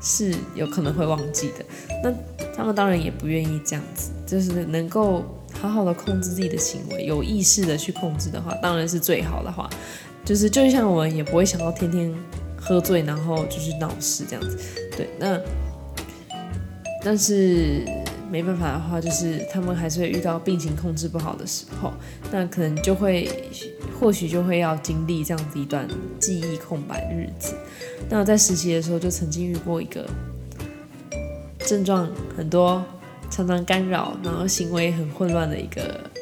是有可能會忘記的，那他們當然也不願意這樣子，就是能夠好好的控制自己的行為，有意識的去控制的話，當然是最好的話，就是就像我們也不會想到天天喝醉然後就是鬧事這樣子，對，那但是。沒辦法的話，就是他們還是會遇到病情控制不好的時候，那可能就會，或許就會要經歷這樣子一段記憶空白日子。那我在實習的時候，就曾經遇過一個症狀很多、常常干擾，然後行為很混亂的一個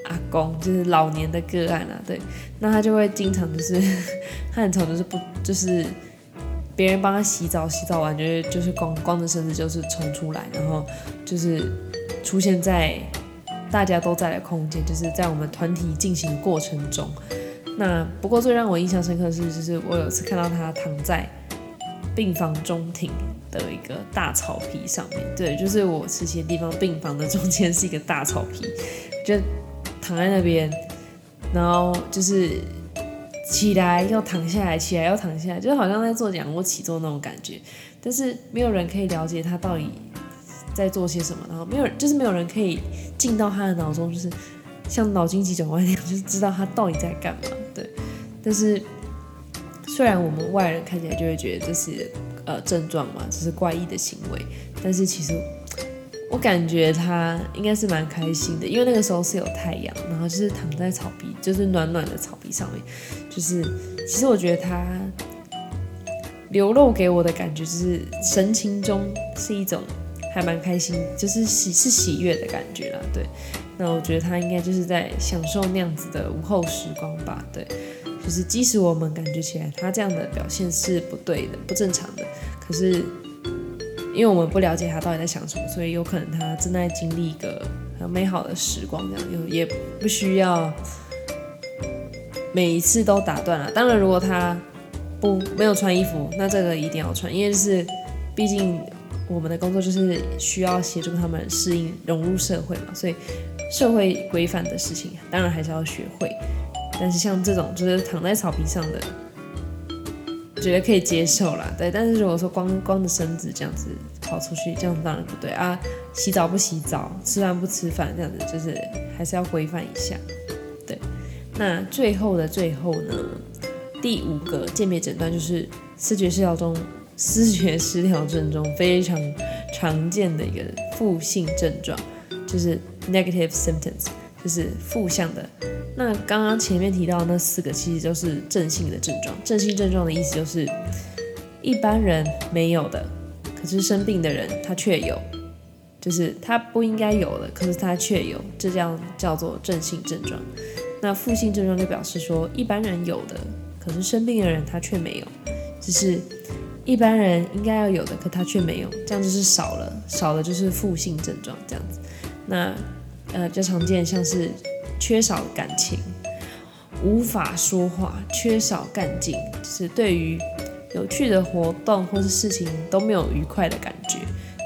阿公，就是老年的個案啊。對，那他就會經常就是，他很常就是不，就是。別人幫他洗澡，洗澡完就是、就是光光着身子就是衝出來，然後就是出現在大家都在的空間，就是在我們團體進行過程中。那不過最讓我印象深刻的是，就是我有一次看到他躺在病房中庭的一個大草皮上面，對，就是我實習的地方，病房的中間是一個大草皮，就躺在那邊，然後就是。起來要躺下來，起來要躺下來，就好像在做仰臥起坐那種感覺。但是沒有人可以了解他到底在做些什麼，然後沒有，就是沒有人可以進到他的腦中，就是像腦筋急轉彎那樣，就是知道他到底在幹嘛。對，但是雖然我們外人看起來就會覺得這是呃症狀嘛，這是怪異的行為，但是其實。我感覺他應該是蠻開心的，因為那個時候是有太陽，然後就是躺在草皮，就是暖暖的草皮上面，就是其實我覺得他流露給我的感覺，就是神情中是一種還蠻開心，就是喜是喜悅的感覺啦。對，那我覺得他應該就是在享受那樣子的午後時光吧。對，就是即使我們感覺起來他這樣的表現是不對的、不正常的，可是，因為我們不了解他到底在想什麼，所以有可能他正在經歷一個很美好的時光，這樣又也不需要每一次都打斷了啊。當然，如果他不沒有穿衣服，那這個一定要穿，因為是畢竟我們的工作就是需要協助他們適應融入社會嘛，所以社會規範的事情當然還是要學會。但是像這種就是躺在草皮上的，覺得可以接受啦，對。但是如果說光光着身子這樣子跑出去，這樣當然不對啊。洗澡不洗澡，吃飯不吃飯，這樣子就是還是要規範一下，對。那最後的最後呢，第五個鑑別診斷就是思覺失調症中，思覺失調症中非常常見的一個負性症狀，就是 negative symptoms。就是負向的。那剛剛前面提到那四個，其實就是正性的症狀。正性症狀的意思就是，一般人沒有的，可是生病的人他卻有，就是他不應該有的，可是他卻有，這樣叫做正性症狀。那負性症狀就表示說，一般人有的，可是生病的人他卻沒有，就是一般人應該要有的，可他卻沒有，這樣就是少了，少了就是負性症狀這樣子。那。呃，比較常見像是缺少感情、無法說話、缺少幹勁，就是對於有趣的活動或是事情都沒有愉快的感覺，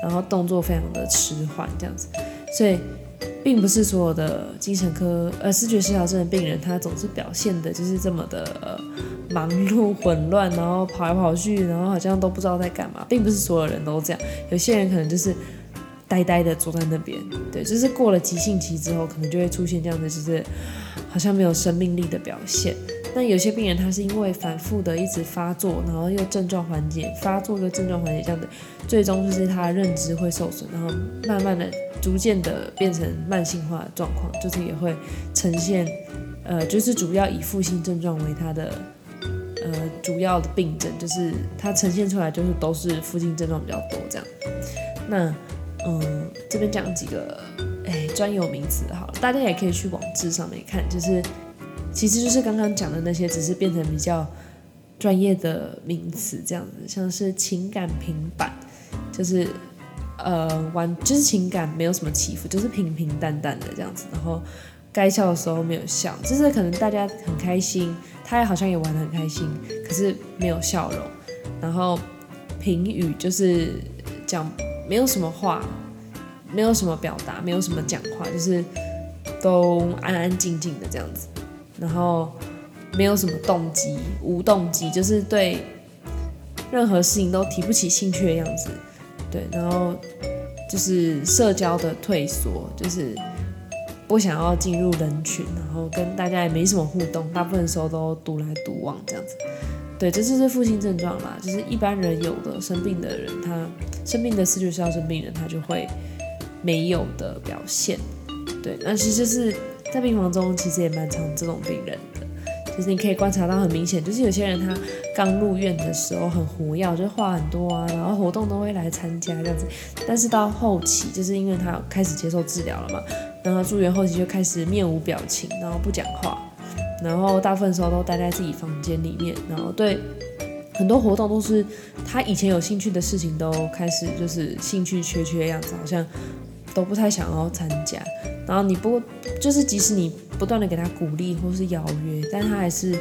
然後動作非常的遲緩這樣子。所以，並不是所有的精神科呃思覺失調症的病人，他總是表現得就是這麼的忙碌混亂，然後跑來跑去，然後好像都不知道在幹嘛。並不是所有人都這樣，有些人可能就是。呆呆的坐在那邊，對，就是過了急性期之後，可能就會出現這樣的，就是好像沒有生命力的表現。那有些病人，他是因為反覆的一直發作，然後又症狀緩解，發作又症狀緩解，這樣的，最終就是他的認知會受損，然後慢慢的、逐漸的變成慢性化的狀況，就是也會呈現，呃，就是主要以負性症狀為他的，呃，主要的病症，就是他呈現出來就是都是負性症狀比較多這樣。那嗯，這邊講幾個誒專有名詞好了，大家也可以去網誌上面看，就是其實就是剛剛講的那些，只是變成比較專業的名詞這樣子，像是情感平板，就是呃玩，就是情感沒有什麼起伏，就是平平淡淡的這樣子，然後該笑的時候沒有笑，就是可能大家很開心，他也好像也玩得很開心，可是沒有笑容，然後評語就是講。沒有什麼話，沒有什麼表達，沒有什麼講話，就是都安安靜靜的這樣子，然後沒有什麼動機，無動機，就是對任何事情都提不起興趣的樣子，對，然後就是社交的退縮，就是不想要進入人群，然後跟大家也沒什麼互動，大部分時候都獨來獨往這樣子。對，這就是負性症狀嘛，就是一般人有的，生病的人他生病的事就是要生病人他就會沒有的表現。對，但其實就是在病房中其實也蠻常這種病人的，就是你可以觀察到很明顯，就是有些人他剛入院的時候很活躍，就話很多啊，然後活動都會來參加這樣子，但是到後期就是因為他開始接受治療了嘛，然後住院後期就開始面無表情，然後不講話。然後大部分時候都待在自己房間裡面，然後對很多活動都是他以前有興趣的事情，都開始就是興趣缺缺的樣子，好像都不太想要參加。然後你不就是即使你不斷的給他鼓勵或是邀約，但他還是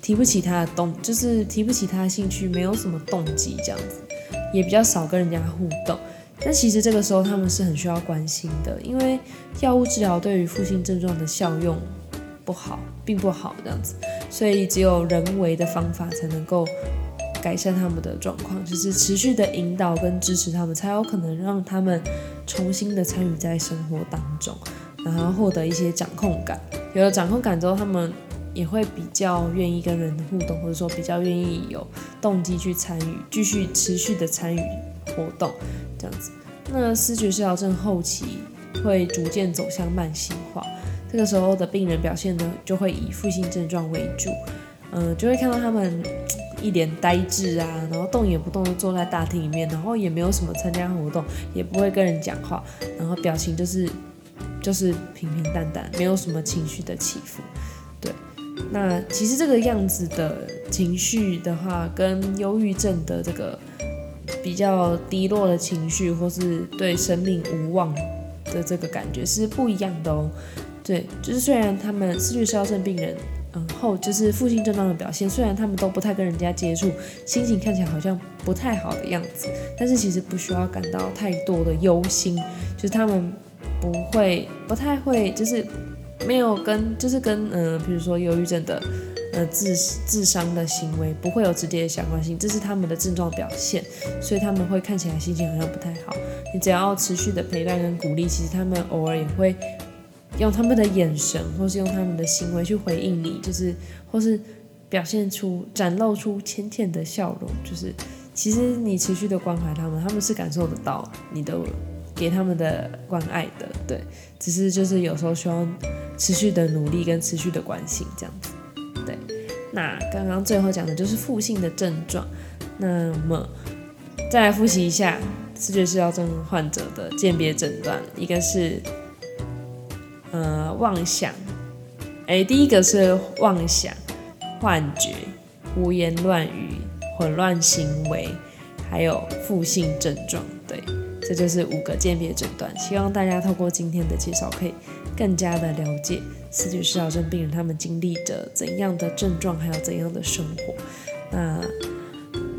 提不起他的動，就是提不起他的興趣，沒有什麼動機這樣子，也比較少跟人家互動。但其實這個時候他們是很需要關心的，因為藥物治療對於負性症狀的效用，不好，並不好這樣子，所以只有人為的方法才能夠改善他們的狀況，就是持續的引導跟支持他們，才有可能讓他們重新的參與在生活當中，然後獲得一些掌控感。有了掌控感之後，他們也會比較願意跟人互動，或者說比較願意有動機去參與，繼續持續的參與活動這樣子。那思覺失調症後期會逐漸走向慢性化。這個時候的病人表現呢，就會以負性症狀為主，嗯、呃，就會看到他們一臉呆滯啊，然後動也不動地坐在大廳裡面，然後也沒有什麼參加活動，也不會跟人講話，然後表情就是就是平平淡淡，沒有什麼情緒的起伏。對，那其實這個樣子的情緒的話，跟憂鬱症的這個比較低落的情緒，或是對生命無望的這個感覺是不一樣的哦。對，就是雖然他們思覺失調症病人，嗯後就是負性症狀的表現，雖然他們都不太跟人家接觸，心情看起來好像不太好的樣子，但是其實不需要感到太多的憂心，就是他們不會不太會，就是沒有跟就是跟嗯，呃、比如說憂鬱症的呃自自傷的行為不會有直接的相關性，這是他們的症狀表現，所以他們會看起來心情好像不太好，你只要持續的陪伴跟鼓勵，其實他們偶爾也會。用他們的眼神，或是用他們的行為去回應你，就是或是表現出、展露出淺淺的笑容，就是其實你持續的關懷他們，他們是感受得到你的給他們的關愛的。對，只是就是有時候需要持續的努力跟持續的關心這樣子。對，那剛剛最後講的就是負性的症狀，那麼再來複習一下思覺失調症患者的鑑別診斷，一個是。呃，妄想，誒，第一個是妄想、幻覺、胡言亂語、混亂行為，還有負性症狀，對，這就是五個鑑別診斷。希望大家透過今天的介紹，可以更加的了解思覺失調症病人他們經歷着怎樣的症狀，還有怎樣的生活。那。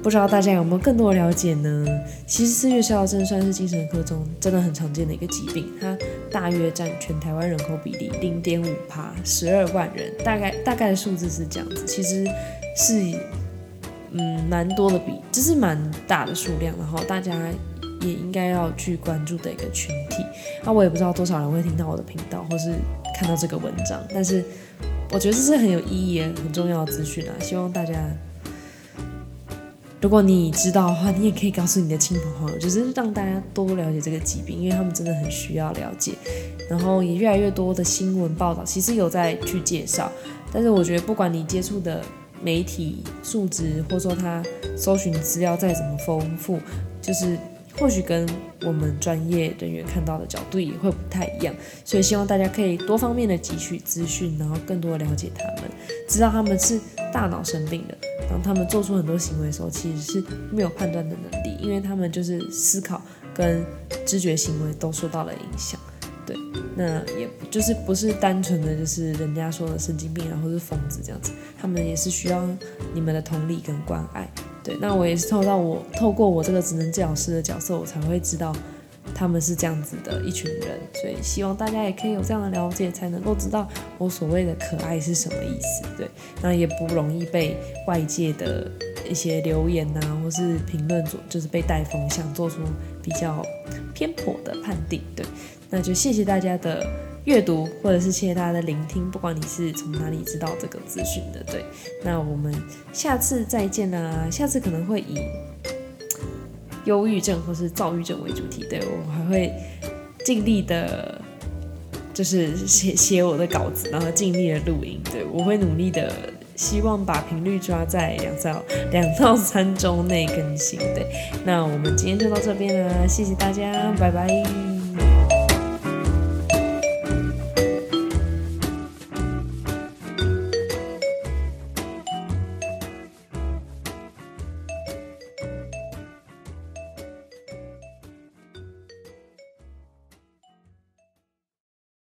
不知道大家有沒有更多了解呢？其實思覺失調症真的算是精神科中真的很常見的一個疾病，它大約占全台灣人口比例零點五趴，十二萬人，大概大概的數字是這樣子。其實是，是嗯，蠻多的比，就是蠻大的數量，然後大家也應該要去關注的一個群體。那我也不知道多少人會聽到我的頻道或是看到這個文章，但是我覺得這是很有意義、很重要的資訊啊！希望大家。如果你知道的話，你也可以告訴你的親朋好友，就是讓大家多了解這個疾病，因為他們真的很需要了解。然後也越來越多的新聞報道，其實有在去介紹，但是我覺得不管你接觸的媒體數值，或者說他搜尋資料再怎麼豐富，就是。或許跟我們專業人員看到的角度也會不太一樣，所以希望大家可以多方面的汲取資訊，然後更多的了解他們，知道他們是大腦生病的，當他們做出很多行為的時候，其實是沒有判斷的能力，因為他們就是思考跟知覺行為都受到了影響。對，那也就是不是單純的就是人家說的神經病，然後是瘋子這樣子，他們也是需要你們的同理跟關愛。對，那我也是透到我透過我這個職能治療師的角色，我才會知道他們是這樣子的一群人，所以希望大家也可以有這樣的了解，才能夠知道我所謂的可愛是什麼意思。對，那也不容易被外界的一些留言吶、啊，或是評論做，就是被帶風向，做出比較偏頗的判定。對，那就謝謝大家的。閱讀，或者是謝謝大家的聆聽，不管你是從哪裡知道這個資訊的，對，那我們下次再見啦。下次可能會以憂鬱症或是躁鬱症為主題，對，我還會盡力的，就是寫寫我的稿子，然後盡力的錄音，對，我會努力的，希望把頻率抓在兩到兩到三週內更新，對，那我們今天就到這邊了，謝謝大家，拜拜。